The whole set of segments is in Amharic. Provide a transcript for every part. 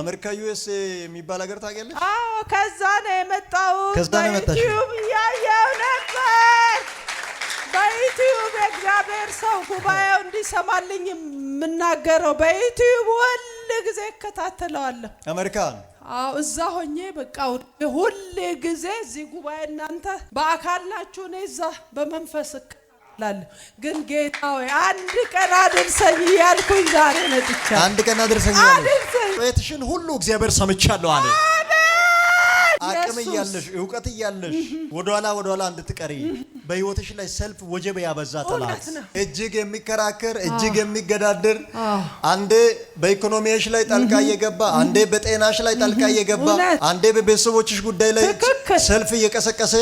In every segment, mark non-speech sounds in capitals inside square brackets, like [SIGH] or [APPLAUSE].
አሜሪካ ዩኤስ የሚባል ሀገር ታውቂያለሽ? አዎ፣ ከዛ ነው የመጣሁት። ከዛ ነው የመጣሽ? በዩቲዩብ እያየሁ ነበር። በዩቲዩብ የእግዚአብሔር ሰው ጉባኤው እንዲሰማልኝ የምናገረው በዩቲዩብ ሁል ጊዜ እከታተለዋለሁ። አሜሪካ አዎ፣ እዛ ሆኜ በቃ ሁል ጊዜ እዚህ ጉባኤ እናንተ በአካል ናችሁ፣ እኔ እዛ በመንፈስ እከ ላለሁ ግን ጌታ ሆይ አንድ ቀን አድርሰኝ እያልኩኝ ዛሬ መጥቻለሁ። አንድ ቀን አድርሰኝ ጸሎትሽን ሁሉ እግዚአብሔር ሰምቻለሁ አለ። አቅም እያለሽ እውቀት እያለሽ ወደኋላ ወደኋላ እንድትቀሪ በህይወትሽ ላይ ሰልፍ ወጀብ ያበዛ ጠላት፣ እጅግ የሚከራከር እጅግ የሚገዳደር አንዴ በኢኮኖሚሽ ላይ ጣልቃ እየገባ አንዴ በጤናሽ ላይ ጣልቃ እየገባ አንዴ በቤተሰቦችሽ ጉዳይ ላይ ሰልፍ እየቀሰቀሰ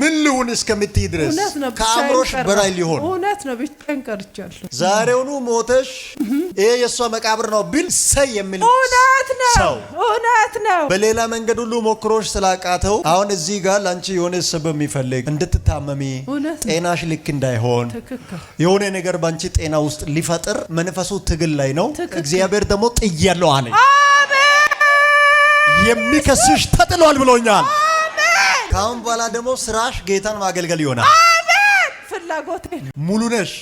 ምን ልሁን እስከምትይ ድረስ ከአእምሮሽ በራይ ሊሆን እውነት ነው። ብቻዬን ቀርቻለሁ። ዛሬውኑ ሞተሽ ይሄ የእሷ መቃብር ነው ቢል ሰይ የሚል እውነት ሰው እውነት ነው። በሌላ መንገድ ሁሉ ሞክሮሽ ስላቃተው አሁን እዚህ ጋር ለአንቺ የሆነ ስብ የሚፈልግ እንድትታመም ድጋሚ ጤናሽ ልክ እንዳይሆን የሆነ ነገር ባንቺ ጤና ውስጥ ሊፈጥር መንፈሱ ትግል ላይ ነው። እግዚአብሔር ደግሞ ጥያለው አለ። የሚከስሽ ተጥሏል ብሎኛል። ከአሁን በኋላ ደግሞ ስራሽ ጌታን ማገልገል ይሆናል። ፍላጎቴ ሙሉ ነሽ።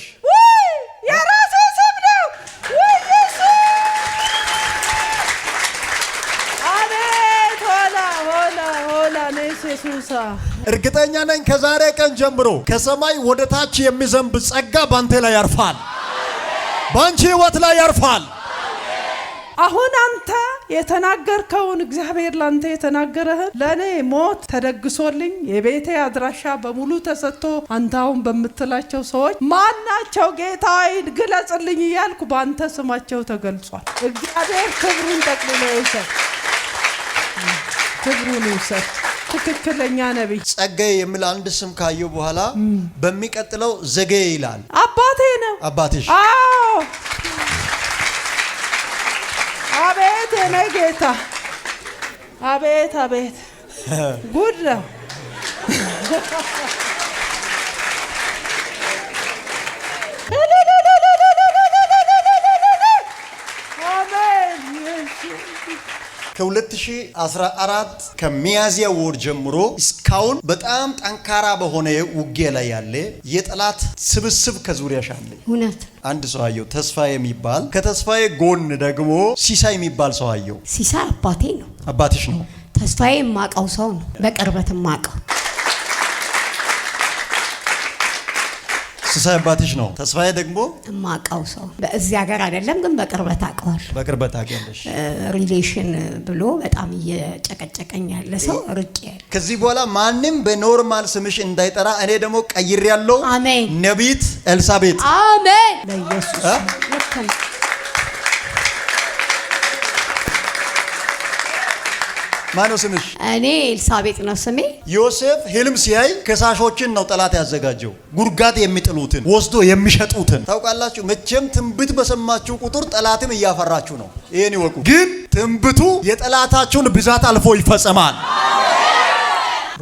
እርግጠኛ ነኝ ከዛሬ ቀን ጀምሮ ከሰማይ ወደ ታች የሚዘንብ ጸጋ ባንተ ላይ ያርፋል፣ ባንቺ ህይወት ላይ ያርፋል። አሁን አንተ የተናገርከውን እግዚአብሔር ላንተ የተናገረህን ለእኔ ሞት ተደግሶልኝ የቤቴ አድራሻ በሙሉ ተሰጥቶ አንተ አሁን በምትላቸው ሰዎች ማናቸው ጌታዬ ግለጽልኝ እያልኩ በአንተ ስማቸው ተገልጿል። እግዚአብሔር ክብሩን ጠቅልሎ ይውሰድ፣ ክብሩን ይውሰድ። ትክክለኛ ነብይ ጸጋዬ የሚል አንድ ስም ካየው በኋላ በሚቀጥለው ዘገየ ይላል። አባቴ ነው አባቴሽ። አዎ አቤት እኔ ጌታ አቤት አቤት [LAUGHS] ጉድ ነው። ከ2014 ከሚያዚያ ወር ጀምሮ እስካሁን በጣም ጠንካራ በሆነ ውጌ ላይ ያለ የጠላት ስብስብ ከዙሪያሽ አለ። እውነት አንድ ሰው አየው፣ ተስፋዬ የሚባል ከተስፋዬ ጎን ደግሞ ሲሳይ የሚባል ሰው አየው። ሲሳይ አባቴ ነው። አባትሽ ነው። ተስፋዬ የማውቀው ሰው ነው፣ በቅርበት የማውቀው ስሳይ አባትሽ ነው። ተስፋዬ ደግሞ እማውቀው ሰው በዚህ ሀገር አይደለም ግን በቅርበት አውቀዋል። በቅርበት አውቂያለሽ። ሪሌሽን ብሎ በጣም እየጨቀጨቀኝ ያለ ሰው ርቅ ያለ። ከዚህ በኋላ ማንም በኖርማል ስምሽ እንዳይጠራ እኔ ደግሞ ቀይር አሜን። ነቢት ኤልሳቤጥ። አሜን በኢየሱስ ማነው ስምሽ? እኔ ኤልሳቤጥ ነው ስሜ። ዮሴፍ ህልም ሲያይ ከሳሾችን ነው ጠላት ያዘጋጀው፣ ጉርጋት የሚጥሉትን ወስዶ የሚሸጡትን። ታውቃላችሁ፣ መቼም ትንብት በሰማችሁ ቁጥር ጠላትም እያፈራችሁ ነው። ይሄን ይወቁ። ግን ትንብቱ የጠላታችሁን ብዛት አልፎ ይፈጸማል።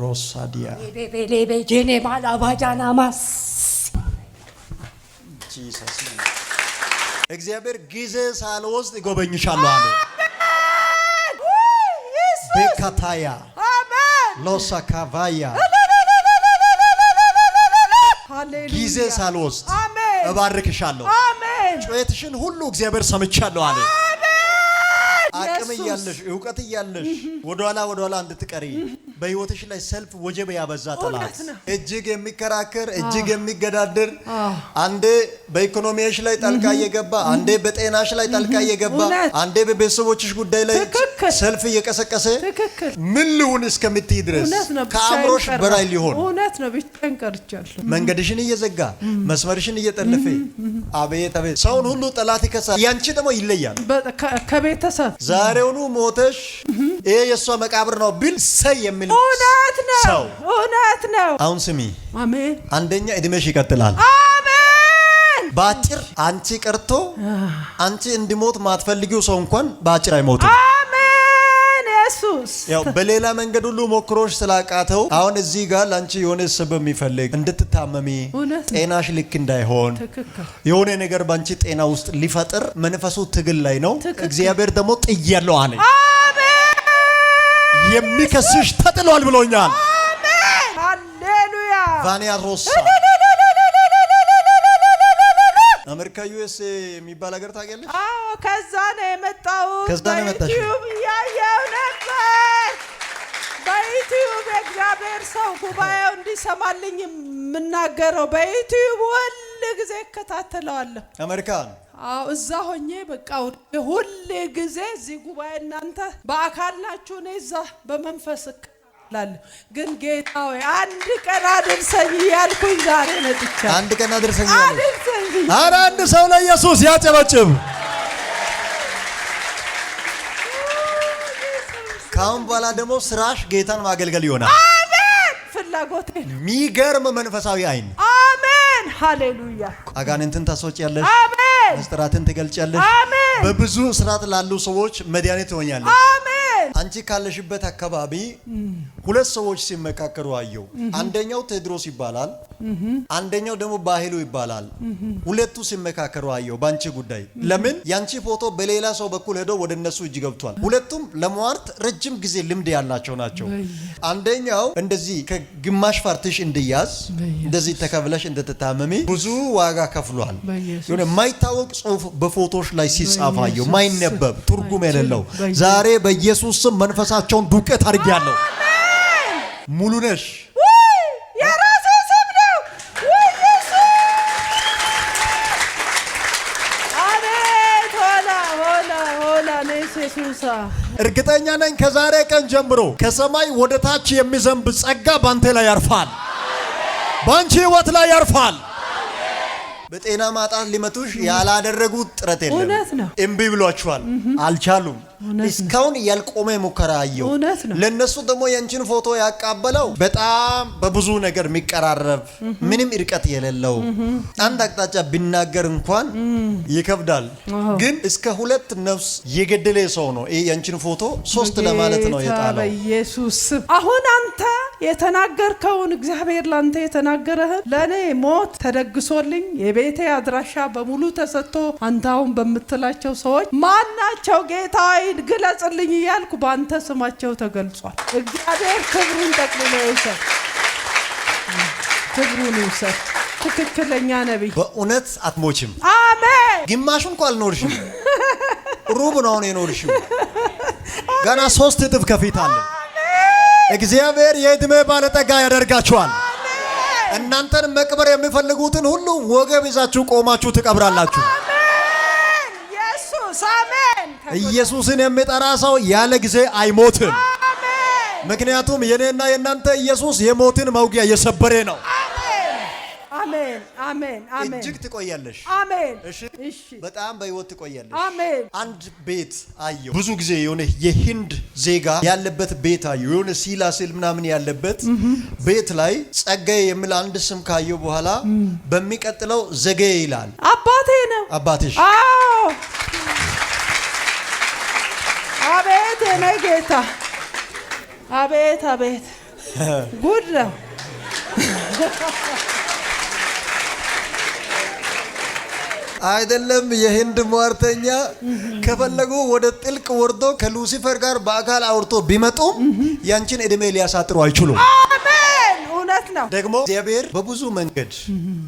ሮሳዲያ ቤቤሌቤጄኔ ባላባጃናማስ እግዚአብሔር ጊዜ ሳልወስድ ይጎበኝሻለሁ አለ። ቤካታያ ሎሳካቫያ ጊዜ ሳልወስድ እባርክሻለሁ። ጩኸትሽን ሁሉ እግዚአብሔር ሰምቻለሁ አለ። አቅም እያለሽ እውቀት እያለሽ ወደኋላ ወደኋላ እንድትቀሪ በህይወትሽ ላይ ሰልፍ ወጀብ ያበዛ ጠላት፣ እጅግ የሚከራከር እጅግ የሚገዳደር አንዴ በኢኮኖሚሽ ላይ ጠልቃ እየገባ አንዴ በጤናሽ ላይ ጠልቃ እየገባ አንዴ በቤተሰቦችሽ ጉዳይ ላይ ሰልፍ እየቀሰቀሰ ምን ልሁን እስከምትይ ድረስ ከአእምሮሽ በላይ ሊሆን እውነት ነው። ብቻዬን ቀርቻለሁ። መንገድሽን እየዘጋ መስመርሽን እየጠለፈ አቤት አቤት፣ ሰውን ሁሉ ጠላት ይከሳል። ያንቺ ደግሞ ይለያል ከቤተሰብ ዛሬውኑ ሞተሽ ይሄ የእሷ መቃብር ነው ቢል ሰይ የሚል እውነት ነው፣ እውነት ነው። አሁን ስሚ፣ አሜን። አንደኛ እድሜሽ ይቀጥላል። በአጭር አንቺ ቀርቶ አንቺ እንዲሞት ማትፈልጊው ሰው እንኳን በአጭር አይሞትም። ያው በሌላ መንገድ ሁሉ ሞክሮች ስላቃተው አሁን እዚህ ጋር ለአንቺ የሆነ ስብ የሚፈልግ እንድትታመሚ ጤናሽ ልክ እንዳይሆን የሆነ ነገር በአንቺ ጤና ውስጥ ሊፈጥር መንፈሱ ትግል ላይ ነው። እግዚአብሔር ደግሞ ጥያለው አለ። የሚከስሽ ተጥሏል ብሎኛል። አሌሉያ ቫኒያ ሮሳ አሜሪካ ዩኤስ የሚባል ሀገር ታውቂያለሽ? አዎ፣ ከዛ ነው የመጣሁት። ከዛ ነው የመጣሽ? በዩቲዩብ እያየሁ ነበር። በዩቲዩብ እግዚአብሔር ሰው ጉባኤው እንዲሰማልኝ የምናገረው በዩቲዩብ ሁል ጊዜ እከታተለዋለሁ። አሜሪካ አዎ፣ እዛ ሆኜ በቃ ሁሌ ጊዜ እዚህ ጉባኤ እናንተ በአካል ናችሁ፣ እኔ እዛ በመንፈስ እቅ ላለሁ ግን ጌታ ሆይ አንድ ቀን አድርሰኝ እያልኩኝ ዛሬ መጥቻለሁ። አንድ ቀን አድርሰኝ አድርሰኝ። ኧረ አንድ ሰው ለኢየሱስ ያጨበጭብ። ከአሁን በኋላ ደግሞ ስራሽ ጌታን ማገልገል ይሆናል። አሜን። ፍላጎቴ ነው። የሚገርም መንፈሳዊ አይን። አሜን። ሃሌሉያ። አጋንንትን ታስወጪያለሽ። አሜን። ምስጢራትን ትገልጫለሽ። አሜን። በብዙ ስርዓት ላሉ ሰዎች መድኃኒት ትሆኛለሽ። አሜን። አንቺ ካለሽበት አካባቢ ሁለት ሰዎች ሲመካከሩ አየው። አንደኛው ቴድሮስ ይባላል፣ አንደኛው ደግሞ ባህሉ ይባላል። ሁለቱ ሲመካከሩ አየው በአንቺ ጉዳይ። ለምን ያንቺ ፎቶ በሌላ ሰው በኩል ሄዶ ወደ እነሱ እጅ ገብቷል። ሁለቱም ለመዋርት ረጅም ጊዜ ልምድ ያላቸው ናቸው። አንደኛው እንደዚህ ከግማሽ ፋርቲሽ እንድያዝ እንደዚህ ተከብለሽ እንደተታመሚ ብዙ ዋጋ ከፍሏል። የሆነ የማይታወቅ ጽሁፍ በፎቶች ላይ ሲጻፍ አየው፣ ማይነበብ ትርጉም የሌለው ዛሬ በኢየሱስ ስም መንፈሳቸውን ዱቄት አድርጌያለሁ። ሙሉ ነሽ የራሴ ስም ነው። አቤት ሆላ ሆላ ሆላ እርግጠኛ ነኝ ከዛሬ ቀን ጀምሮ ከሰማይ ወደ ታች የሚዘንብ ጸጋ ባንተ ላይ ያርፋል፣ ባንቺ ህይወት ላይ ያርፋል። በጤና ማጣት ሊመቱሽ ያላደረጉት ጥረት የለም። እምቢ ብሏችኋል፣ አልቻሉም። እስካሁን ያልቆመ ሙከራ አየው። ለእነሱ ደግሞ የአንቺን ፎቶ ያቃበለው በጣም በብዙ ነገር የሚቀራረብ ምንም እርቀት የሌለው አንድ አቅጣጫ ቢናገር እንኳን ይከብዳል። ግን እስከ ሁለት ነፍስ የገደለ ሰው ነው ይሄ የአንቺን ፎቶ ሶስት ለማለት ነው የጣለው ኢየሱስ። አሁን አንተ የተናገርከውን እግዚአብሔር ለአንተ የተናገረህን ለእኔ ሞት ተደግሶልኝ የቤቴ አድራሻ በሙሉ ተሰጥቶ አንተ አሁን በምትላቸው ሰዎች ማናቸው ጌታ ራእይን ግለጽልኝ እያልኩ በአንተ ስማቸው ተገልጿል። እግዚአብሔር ክብሩን ጠቅልሎ ይውሰድ፣ ክብሩን ይውሰድ። ትክክለኛ ነቢይ። በእውነት አትሞችም። አሜን። ግማሹ እንኳ አልኖርሽም፣ ሩብ ነው አሁን የኖርሽው። ገና ሶስት እጥፍ ከፊት አለ። እግዚአብሔር የዕድሜ ባለጠጋ ያደርጋችኋል። እናንተን መቅበር የሚፈልጉትን ሁሉ ወገብ ይዛችሁ ቆማችሁ ትቀብራላችሁ። ኢየሱስን የሚጠራ ሰው ያለ ጊዜ አይሞትም። ምክንያቱም የኔና የእናንተ ኢየሱስ የሞትን መውጊያ የሰበረ ነው። አሜን አሜን አሜን። እጅግ ትቆያለሽ። አሜን። እሺ፣ በጣም በህይወት ትቆያለሽ። አሜን። አንድ ቤት አየሁ። ብዙ ጊዜ የሆነ የህንድ ዜጋ ያለበት ቤት አየሁ። የሆነ ሲላስል ምናምን ያለበት ቤት ላይ ጸጋዬ የሚል አንድ ስም ካየሁ በኋላ በሚቀጥለው ዘገየ ይላል። አባቴ ነው አባቴሽ። አዎ አቤት የኔ ጌታ አቤት አቤት ጉድ ነው። አይደለም የህንድ ሟርተኛ ከፈለጉ ወደ ጥልቅ ወርዶ ከሉሲፈር ጋር በአካል አውርቶ ቢመጡም ያንቺን እድሜ ሊያሳጥሩ አይችሉም። አሜን። እውነት ነው። ደግሞ እግዚአብሔር በብዙ መንገድ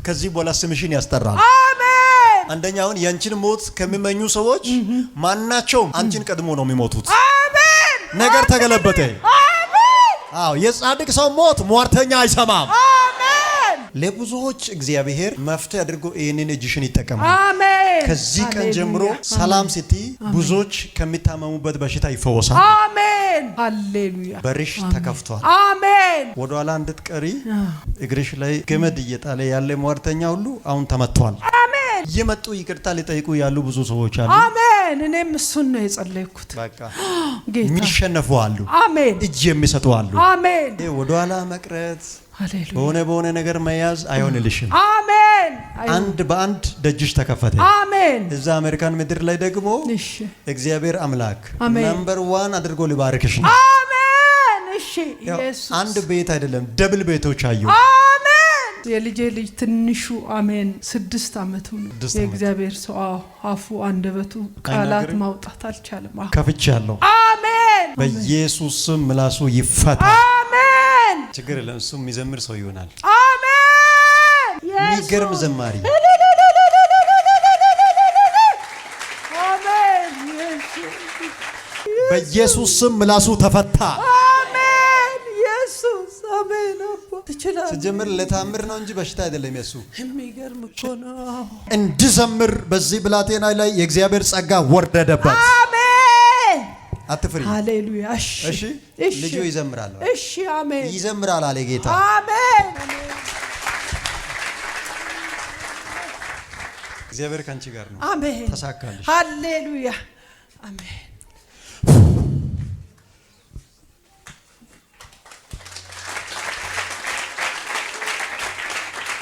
ከዚህ በኋላ ስምሽን ያስጠራል። አንደኛውን የአንቺን ሞት ከሚመኙ ሰዎች ማናቸውም አንቺን ቀድሞ ነው የሚሞቱት። ነገር ተገለበተ። አዎ የጻድቅ ሰው ሞት ሟርተኛ አይሰማም። ለብዙዎች እግዚአብሔር መፍትሄ አድርጎ ይህንን እጅሽን ይጠቀማል። ከዚህ ቀን ጀምሮ ሰላም ስቲ ብዙዎች ከሚታመሙበት በሽታ ይፈወሳል። አሜን። ሃሌሉያ። በርሽ ተከፍቷል። አሜን። ወደኋላ እንድትቀሪ እግርሽ ላይ ገመድ እየጣለ ያለ ሟርተኛ ሁሉ አሁን ተመቷል። አሜን። እየመጡ ይቅርታ ሊጠይቁ ያሉ ብዙ ሰዎች አሉ። አሜን። እኔም እሱን ነው የጸለይኩት። በቃ [GASPS] የሚሸነፉ አሉ። አሜን። እጅ የሚሰጡ አሉ። አሜን። ወደኋላ መቅረት በሆነ በሆነ ነገር መያዝ አይሆንልሽም። አሜን። አንድ በአንድ ደጅሽ ተከፈተ። አሜን። እዛ አሜሪካን ምድር ላይ ደግሞ እግዚአብሔር አምላክ ነምበር ዋን አድርጎ ሊባርክሽ ነው። አሜን። እሺ፣ አንድ ቤት አይደለም ደብል ቤቶች አየሁ። የልጄ ልጅ ትንሹ አሜን ስድስት አመቱ ነው። የእግዚአብሔር ሰው አፉ አንደበቱ ቃላት ማውጣት አልቻለም። ከፍቻ ያለው አሜን። በኢየሱስ ስም ምላሱ ይፈታ። አሜን። ችግር የለም። እሱ የሚዘምር ሰው ይሆናል። አሜን። የሚገርም ዘማሪ በኢየሱስ ስም ምላሱ ተፈታ። ስጀምር ለታምር ነው እንጂ በሽታ አይደለም። የሱ የሚገርም እኮ ነው። እንዲዘምር በዚህ ብላቴና ላይ የእግዚአብሔር ጸጋ ወርደደባት። አትፍሪ። ሃሌሉያ። እሺ፣ ልጁ ይዘምራል። እሺ፣ አሜን። ይዘምራል አለ ጌታ። አሜን። እግዚአብሔር ከአንቺ ጋር ነው። አሜን። ተሳካልሽ። ሃሌሉያ። አሜን።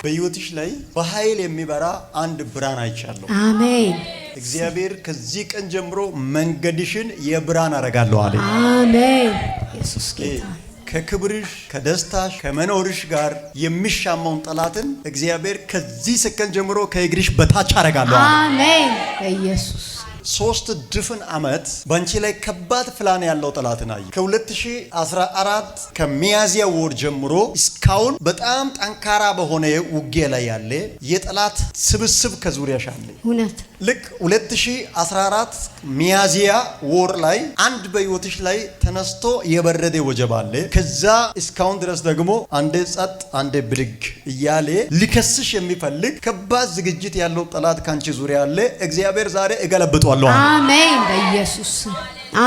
በህይወትሽ ላይ በኃይል የሚበራ አንድ ብርሃን አይቻለሁ። አሜን። እግዚአብሔር ከዚህ ቀን ጀምሮ መንገድሽን የብርሃን አረጋለሁ አለ። አሜን። ኢየሱስ ጌታ ከክብርሽ ከደስታሽ ከመኖርሽ ጋር የሚሻማውን ጠላትን እግዚአብሔር ከዚህ ሰከን ጀምሮ ከእግርሽ በታች አረጋለሁ። አሜን። ኢየሱስ ሶስት ድፍን ዓመት በአንቺ ላይ ከባድ ፕላን ያለው ጠላትን አየ። ከ2014 ከሚያዝያ ወር ጀምሮ እስካሁን በጣም ጠንካራ በሆነ ውጌ ላይ ያለ የጠላት ስብስብ ከዙሪያሽ አለ እውነት ልክ 2014 ሚያዚያ ወር ላይ አንድ በህይወትሽ ላይ ተነስቶ የበረደ ወጀብ አለ። ከዛ እስካሁን ድረስ ደግሞ አንዴ ጸጥ አንዴ ብድግ እያለ ሊከስሽ የሚፈልግ ከባድ ዝግጅት ያለው ጠላት ካንቺ ዙሪያ አለ። እግዚአብሔር ዛሬ እገለብጧለሁ። አሜን፣ በኢየሱስ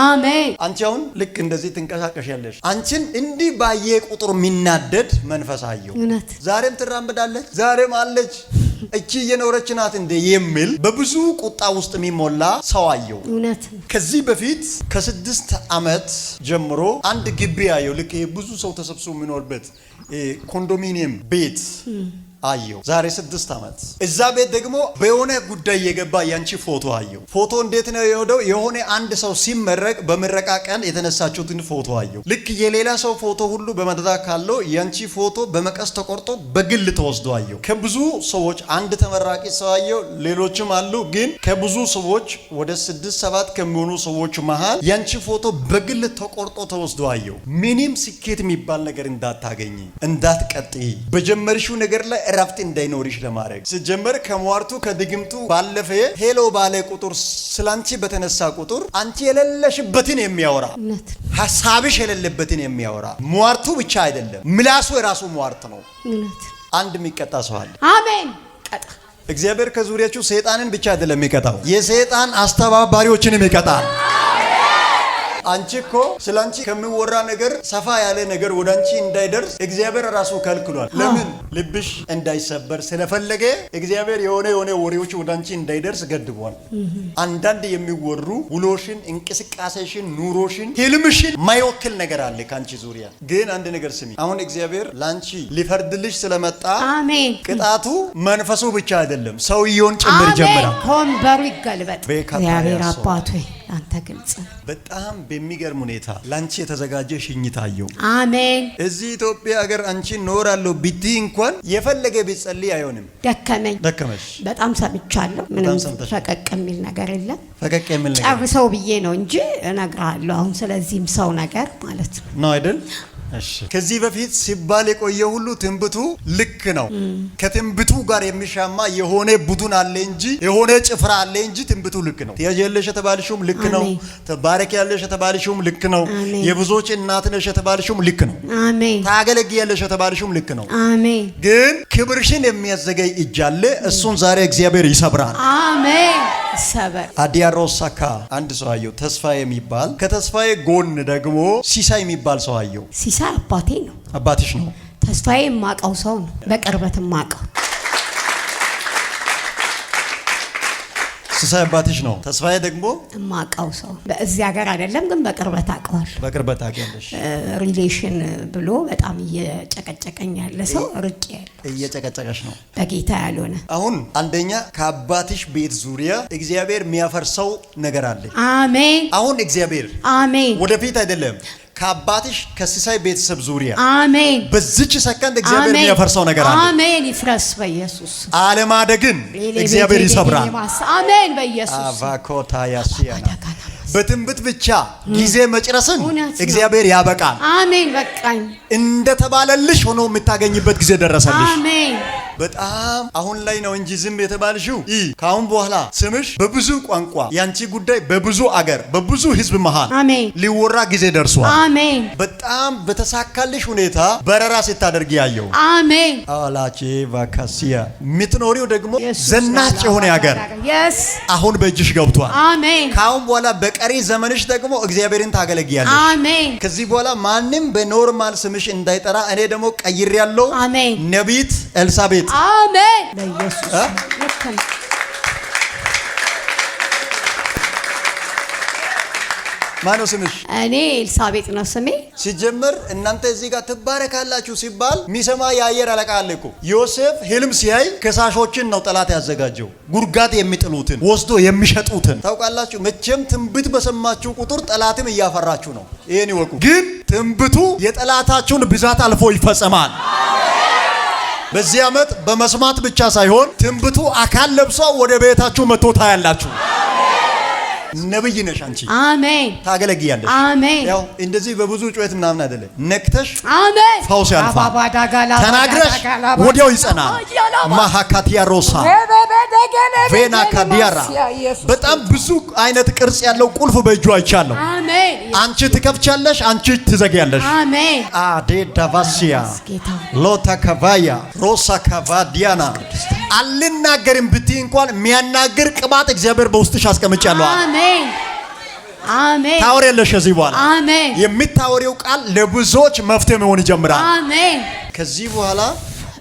አሜን። አንቺ አሁን ልክ እንደዚህ ትንቀሳቀሽ ያለሽ አንቺን እንዲህ ባየ ቁጥር የሚናደድ መንፈስ አየሁ። ዛሬም ትራምዳለች፣ ዛሬም አለች እቺ እየኖረች ናት እንደ የሚል በብዙ ቁጣ ውስጥ የሚሞላ ሰው አየው። እውነት ከዚህ በፊት ከስድስት ዓመት ጀምሮ አንድ ግቢ አየው። ልክ ብዙ ሰው ተሰብስቦ የሚኖርበት ኮንዶሚኒየም ቤት አየው ዛሬ ስድስት ዓመት እዛ ቤት ደግሞ በሆነ ጉዳይ የገባ ያንቺ ፎቶ አየው። ፎቶ እንዴት ነው የወደው? የሆነ አንድ ሰው ሲመረቅ በምረቃ ቀን የተነሳችሁትን ፎቶ አየው። ልክ የሌላ ሰው ፎቶ ሁሉ በመደዳ ካለው ያንቺ ፎቶ በመቀስ ተቆርጦ በግል ተወስዶ አየው። ከብዙ ሰዎች አንድ ተመራቂ ሰው አየው። ሌሎችም አሉ፣ ግን ከብዙ ሰዎች ወደ ስድስት ሰባት ከሚሆኑ ሰዎች መሃል ያንቺ ፎቶ በግል ተቆርጦ ተወስዶ አየው። ምንም ስኬት የሚባል ነገር እንዳታገኝ እንዳትቀጥይ በጀመርሽው ነገር ላይ እረፍት እንዳይኖርሽ ለማድረግ ስጀመር ከሟርቱ ከድግምቱ ባለፈ ሄሎ ባለ ቁጥር ስላንቺ በተነሳ ቁጥር አንቺ የሌለሽበትን የሚያወራ ሀሳብሽ የሌለበትን የሚያወራ ሟርቱ ብቻ አይደለም፣ ምላሱ የራሱ ሟርት ነው። አንድ የሚቀጣ ሰው አለ። አሜን። ቀጣ እግዚአብሔር ከዙሪያችሁ ሰይጣንን ብቻ አይደለም የሚቀጣው የሰይጣን አስተባባሪዎችንም ይቀጣል። አንቺ እኮ ስለ አንቺ ከሚወራ ነገር ሰፋ ያለ ነገር ወደ አንቺ እንዳይደርስ እግዚአብሔር ራሱ ከልክሏል። ለምን ልብሽ እንዳይሰበር ስለፈለገ እግዚአብሔር የሆነ የሆነ ወሬዎች ወደ አንቺ እንዳይደርስ ገድቧል። አንዳንድ የሚወሩ ውሎሽን፣ እንቅስቃሴሽን፣ ኑሮሽን፣ ህልምሽን ማይወክል ነገር አለ ከአንቺ ዙሪያ። ግን አንድ ነገር ስሚ፣ አሁን እግዚአብሔር ለአንቺ ሊፈርድልሽ ስለመጣ ቅጣቱ መንፈሱ ብቻ አይደለም ሰውየውን ጭምር ይጀምራል። ከወንበሩ ይገልበጥ። እግዚአብሔር አባቱ አንተ ግልጽ በጣም በሚገርም ሁኔታ ላንቺ የተዘጋጀ ሽኝታየው። አሜን። እዚህ ኢትዮጵያ ሀገር አንቺ ኖራለሁ ቢቲ እንኳን የፈለገ ቢጸልይ አይሆንም። ደከመኝ ደከመሽ። በጣም ሰምቻለሁ። ምንም ፈቀቅ የሚል ነገር የለም። ፈቀቅ የሚል ነገር ጨርሰው ብዬ ነው እንጂ እነግርሃለሁ። አሁን ስለዚህም ሰው ነገር ማለት ነው ነው አይደል ከዚህ በፊት ሲባል የቆየ ሁሉ ትንብቱ ልክ ነው። ከትንብቱ ጋር የሚሻማ የሆነ ቡድን አለ እንጂ የሆነ ጭፍራ አለ እንጂ ትንብቱ ልክ ነው። ትያለሽ የተባልሽውም ልክ ነው። ተባረክ ያለሽ የተባልሽውም ልክ ነው። የብዙዎች እናት ነሽ የተባልሽውም ልክ ነው። ታገለግ ያለሽ የተባልሽውም ልክ ነው። ግን ክብርሽን የሚያዘገይ እጅ አለ። እሱን ዛሬ እግዚአብሔር ይሰብራል። አሜን። አዲያሮሳካ አንድ ሰው አየው ተስፋዬ የሚባል ከተስፋዬ ጎን ደግሞ ሲሳይ የሚባል ሰው አየው ሲሳ አባቴ ነው። አባትሽ ነው። ተስፋዬ የማውቀው ሰው ነው፣ በቅርበት የማውቀው ሲሳይ አባትሽ ነው። ተስፋዬ ደግሞ የማውቀው ሰው በዚህ ሀገር አይደለም ግን በቅርበት አውቀዋል። በቅርበት አውቀዋለሽ። ሪሌሽን ብሎ በጣም እየጨቀጨቀኝ ያለ ሰው ርቅ ያለ እየጨቀጨቀሽ ነው። በጌታ ያልሆነ አሁን አንደኛ ከአባትሽ ቤት ዙሪያ እግዚአብሔር የሚያፈርሰው ነገር አለ። አሜን። አሁን እግዚአብሔር አሜን፣ ወደፊት አይደለም ከአባትሽ ከሲሳይ ቤተሰብ ዙሪያ አሜን። በዚች ሰከንድ እግዚአብሔር የሚያፈርሰው ነገር አለ። አሜን። ይፍረስ በኢየሱስ አለማደግን እግዚአብሔር ይሰብራል። አሜን። በኢየሱስ አቫኮታ ያሲያ በትንብት ብቻ ጊዜ መጨረስን እግዚአብሔር ያበቃል። አሜን። በቃኝ እንደተባለልሽ ሆኖ የምታገኝበት ጊዜ ደረሰልሽ። አሜን። በጣም አሁን ላይ ነው እንጂ ዝም የተባልሽው ይ ከአሁን በኋላ ስምሽ በብዙ ቋንቋ ያንቺ ጉዳይ በብዙ አገር በብዙ ህዝብ መሃል ሊወራ ጊዜ ደርሷል። አሜን በጣም በተሳካልሽ ሁኔታ በረራ ሲታደርግ ያየው አሜን አላቼ ቫካሲያ የምትኖሪው ደግሞ ዘናጭ የሆነ አገር አሁን በእጅሽ ገብቷል። አሜን ከአሁን በኋላ በቀሪ ዘመንሽ ደግሞ እግዚአብሔርን ታገለግያለሽ። አሜን ከዚህ በኋላ ማንም በኖርማል ስምሽ እንዳይጠራ እኔ ደግሞ ያለው አሜን ነቢት ኤልሳቤት በእውነት አሜን። ለኢየሱስ ማነው ስምሽ? እኔ ኤልሳቤጥ ነው ስሜ። ሲጀመር እናንተ እዚህ ጋር ትባረካላችሁ ሲባል የሚሰማ የአየር አለቃ አለ እኮ። ዮሴፍ ህልም ሲያይ ከሳሾችን ነው ጠላት ያዘጋጀው፣ ጉርጋት የሚጥሉትን ወስዶ የሚሸጡትን። ታውቃላችሁ፣ መቼም ትንብት በሰማችሁ ቁጥር ጠላትም እያፈራችሁ ነው። ይህን ይወቁ። ግን ትንብቱ የጠላታችሁን ብዛት አልፎ ይፈጸማል። በዚህ ዓመት በመስማት ብቻ ሳይሆን ትንብቱ አካል ለብሶ ወደ ቤታችሁ መጥቶ ታያላችሁ። ነብይ ነሽ አንቺ። አሜን። ታገለግያለሽ። አሜን። ያው እንደዚህ በብዙ ጩኸት ምናምን አይደለም። ነክተሽ አሜን። ፈውስ ያልፋል። ተናግረሽ ወዲያው ይጸናል። ማሃካቲያ ሮሳ ቬና ካዲያራ በጣም ብዙ አይነት ቅርጽ ያለው ቁልፍ በእጁ አይቻለሁ። አሜን። አንቺ ትከፍቻለሽ፣ አንቺ ትዘጊያለሽ። አሜን። አዴ ዳቫሲያ ሎታ ካቫያ ሮሳ ካቫዲያና አልናገርም ብትይ እንኳን የሚያናግር ቅባት እግዚአብሔር በውስጥሽ አስቀምጫለሁ። አሜን አሜን። ታወሪያለሽ። ከዚህ በኋላ አሜን። የምታወሪው ቃል ለብዙዎች መፍትሄ መሆን ይጀምራል። አሜን። ከዚህ በኋላ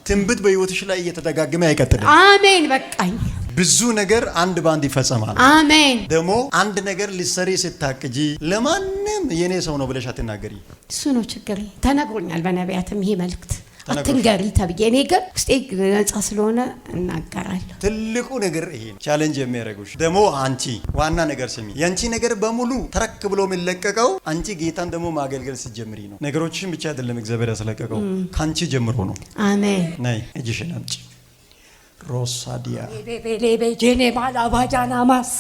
ትንብት በህይወትሽ ላይ እየተደጋገመ አይቀጥልም። አሜን። በቃኝ። ብዙ ነገር አንድ ባንድ ይፈጸማል። አሜን። ደግሞ አንድ ነገር ልትሰሪ ስታቅጂ ለማንም የኔ ሰው ነው ብለሽ አትናገሪ። እሱ ነው ችግር። ተነግሮኛል በነቢያትም ይሄ መልእክት አትንገሪ ተብዬ እኔ ግን ውስጤ ነጻ ስለሆነ እናገራለሁ። ትልቁ ነገር ይሄ ነው ቻሌንጅ የሚያደርጉሽ ደግሞ አንቺ ዋና ነገር ስሚ፣ የአንቺ ነገር በሙሉ ተረክ ብሎ የሚለቀቀው አንቺ ጌታን ደግሞ ማገልገል ስትጀምሪ ነው። ነገሮችሽን ብቻ አይደለም እግዚአብሔር ያስለቀቀው ከአንቺ ጀምሮ ነው። አሜን። ነይ እጅሽን አምጪ። ሮሳዲያ ሌቤጄኔ ባላባጃና ማስ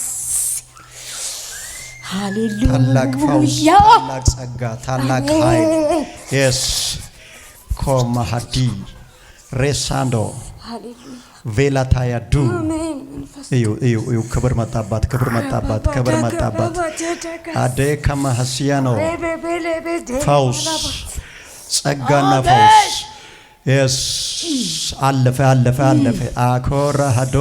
ታላቅ ፈውስ፣ ታላቅ ጸጋ፣ ታላቅ ኃይል ኮማሃዲ ሬሳንዶ ቬላታያዱ እዩ። ክብር መጣባት፣ ክብር መጣባት፣ ክብር መጣባት። አደ ከማህስያኖ ፈውስ፣ ጸጋና ፈውስ አለፈ፣ አለፈ፣ አለፈ አኮራሃዶ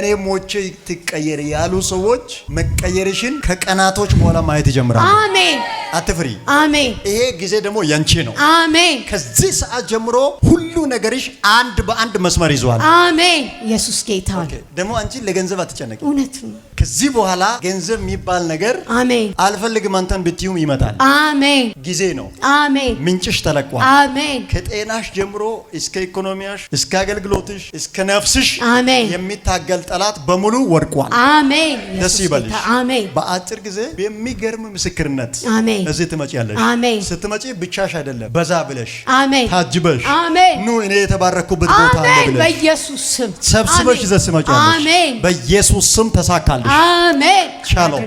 እኔ ሞቼ ትቀየር ያሉ ሰዎች መቀየርሽን ከቀናቶች በኋላ ማየት ይጀምራሉ። አሜን። አትፍሪ። አሜን። ይሄ ጊዜ ደግሞ ያንቺ ነው። አሜን። ከዚህ ሰዓት ጀምሮ ሁሉ ነገርሽ አንድ በአንድ መስመር ይዟል። አሜን። ኢየሱስ ጌታ ደግሞ አንቺ ለገንዘብ አትጨነቂ። እውነት ነው። ከዚህ በኋላ ገንዘብ የሚባል ነገር አሜን፣ አልፈልግም አንተን ብትዩም ይመጣል። አሜን፣ ጊዜ ነው። አሜን፣ ምንጭሽ ተለቋል። አሜን፣ ከጤናሽ ጀምሮ እስከ ኢኮኖሚያሽ፣ እስከ አገልግሎትሽ፣ እስከ ነፍስሽ አሜን፣ የሚታገል ጠላት በሙሉ ወድቋል። አሜን፣ ደስ ይበልሽ። አሜን፣ በአጭር ጊዜ በሚገርም ምስክርነት አሜን፣ እዚህ ትመጪያለሽ። አሜን፣ ስትመጪ ብቻሽ አይደለም በዛ ብለሽ አሜን፣ ታጅበሽ አሜን፣ ኑ እኔ የተባረኩበት ቦታ አለ ብለሽ በኢየሱስ ስም ሰብስበሽ ይዘሽ ትመጪያለሽ። በኢየሱስ ስም ተሳካለሽ። Amém. Shalom.